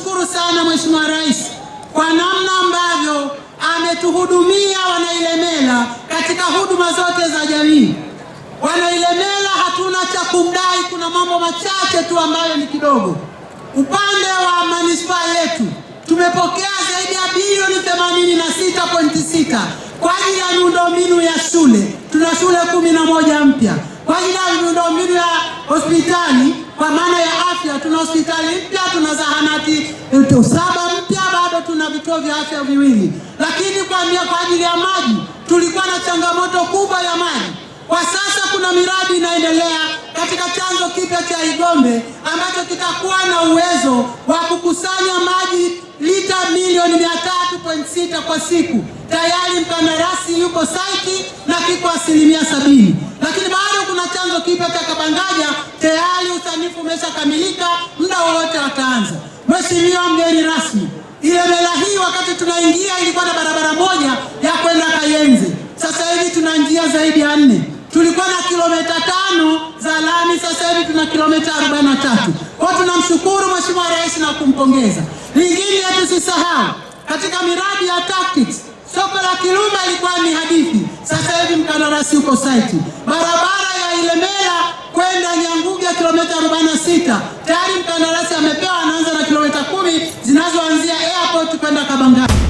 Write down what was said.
kumshukuru sana Mheshimiwa Rais kwa namna ambavyo ametuhudumia Wanailemela katika huduma zote za jamii. Wanailemela hatuna cha kumdai, kuna mambo machache tu ambayo ni kidogo. Upande wa manispaa yetu tumepokea zaidi ya bilioni 86.6 kwa ajili ya miundombinu ya shule. Tuna shule kumi na moja mpya kwa ajili ya miundombinu ya hospitali kwa maana ya tuna hospitali mpya, tuna zahanati saba mpya, bado tuna vituo vya afya viwili. Lakini kwa ajili ya maji tulikuwa na changamoto kubwa ya maji. Kwa sasa kuna miradi inaendelea katika chanzo kipya cha Igombe ambacho kitakuwa na uwezo wa kukusanya maji lita milioni sita kwa siku. Tayari mkandarasi yuko saiti na kiko asilimia sabini, lakini bado kuna chanzo kipya cha Kabangaja uharibifu umeshakamilika, muda wowote wataanza. Mheshimiwa mgeni rasmi, ile hii wakati tunaingia ilikuwa na barabara moja ya kwenda Kayenzi. sasa hivi tuna njia zaidi ya nne. Tulikuwa na kilomita tano za lami, sasa hivi tuna kilomita 43. Kwa tunamshukuru Mheshimiwa Rais na kumpongeza. Lingine tusisahau katika miradi ya tactics, soko la Kiruma ilikuwa ni hadithi, sasa hivi mkandarasi uko site kilomita 46 tayari mkandarasi amepewa, anaanza na kilomita kumi zinazoanzia airport kwenda Kabanga.